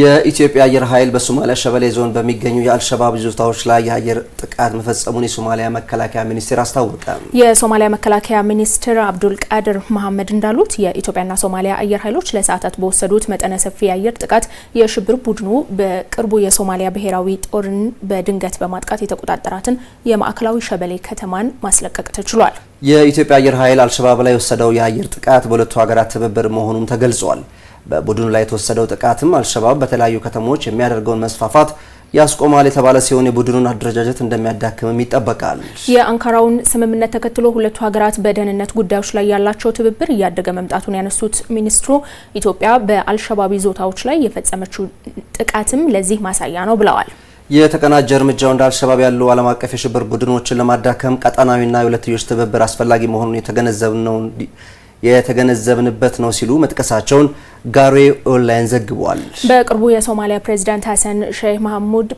የኢትዮጵያ አየር ኃይል በሶማሊያ ሸበሌ ዞን በሚገኙ የአልሸባብ ይዞታዎች ላይ የአየር ጥቃት መፈጸሙን የሶማሊያ መከላከያ ሚኒስቴር አስታወቀ። የሶማሊያ መከላከያ ሚኒስትር አብዱል ቃድር መሐመድ እንዳሉት የኢትዮጵያና ሶማሊያ አየር ኃይሎች ለሰዓታት በወሰዱት መጠነ ሰፊ የአየር ጥቃት የሽብር ቡድኑ በቅርቡ የሶማሊያ ብሔራዊ ጦርን በድንገት በማጥቃት የተቆጣጠራትን የማዕከላዊ ሸበሌ ከተማን ማስለቀቅ ተችሏል። የኢትዮጵያ አየር ኃይል አልሸባብ ላይ የወሰደው የአየር ጥቃት በሁለቱ ሀገራት ትብብር መሆኑም ተገልጿል። በቡድኑ ላይ የተወሰደው ጥቃትም አልሸባብ በተለያዩ ከተሞች የሚያደርገውን መስፋፋት ያስቆማል የተባለ ሲሆን የቡድኑን አደረጃጀት እንደሚያዳክምም ይጠበቃል። የአንካራውን ስምምነት ተከትሎ ሁለቱ ሀገራት በደህንነት ጉዳዮች ላይ ያላቸው ትብብር እያደገ መምጣቱን ያነሱት ሚኒስትሩ ኢትዮጵያ በአልሸባብ ይዞታዎች ላይ የፈጸመችው ጥቃትም ለዚህ ማሳያ ነው ብለዋል። የተቀናጀ እርምጃው እንደ አልሸባብ ያሉ ዓለም አቀፍ የሽብር ቡድኖችን ለማዳከም ቀጠናዊና የሁለትዮሽ ትብብር አስፈላጊ መሆኑን የተገነዘብነው የተገነዘብንበት ነው ሲሉ መጥቀሳቸውን ጋሬ ኦንላይን ዘግቧል። በቅርቡ የሶማሊያ ፕሬዚዳንት ሀሰን ሼህ መሐሙድ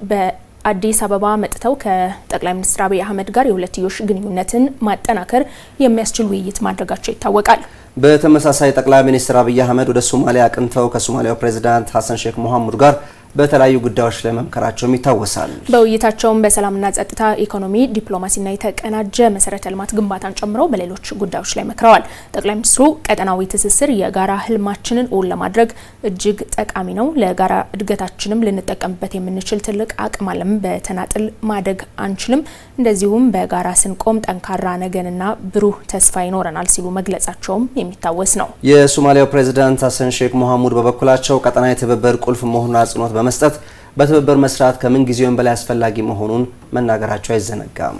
አዲስ አበባ መጥተው ከጠቅላይ ሚኒስትር አብይ አህመድ ጋር የሁለትዮሽ ግንኙነትን ማጠናከር የሚያስችል ውይይት ማድረጋቸው ይታወቃል። በተመሳሳይ ጠቅላይ ሚኒስትር አብይ አህመድ ወደ ሶማሊያ አቅንተው ከሶማሊያው ፕሬዚዳንት ሀሰን ሼክ መሐሙድ ጋር በተለያዩ ጉዳዮች ላይ መምከራቸውም ይታወሳል። በውይይታቸውም በሰላምና ጸጥታ፣ ኢኮኖሚ፣ ዲፕሎማሲና የተቀናጀ መሰረተ ልማት ግንባታን ጨምሮ በሌሎች ጉዳዮች ላይ መክረዋል። ጠቅላይ ሚኒስትሩ ቀጠናዊ ትስስር የጋራ ህልማችንን እውን ለማድረግ እጅግ ጠቃሚ ነው፣ ለጋራ እድገታችንም ልንጠቀምበት የምንችል ትልቅ አቅም አለም፣ በተናጥል ማደግ አንችልም፣ እንደዚሁም በጋራ ስንቆም ጠንካራ ነገንና ብሩህ ተስፋ ይኖረናል ሲሉ መግለጻቸውም የሚታወስ ነው። የሶማሊያው ፕሬዚዳንት ሀሰን ሼክ ሞሐሙድ በበኩላቸው ቀጠናዊ ትብብር ቁልፍ መሆኑን አጽንኦት በመስጠት በትብብር መስራት ከምን ጊዜውም በላይ አስፈላጊ መሆኑን መናገራቸው አይዘነጋም።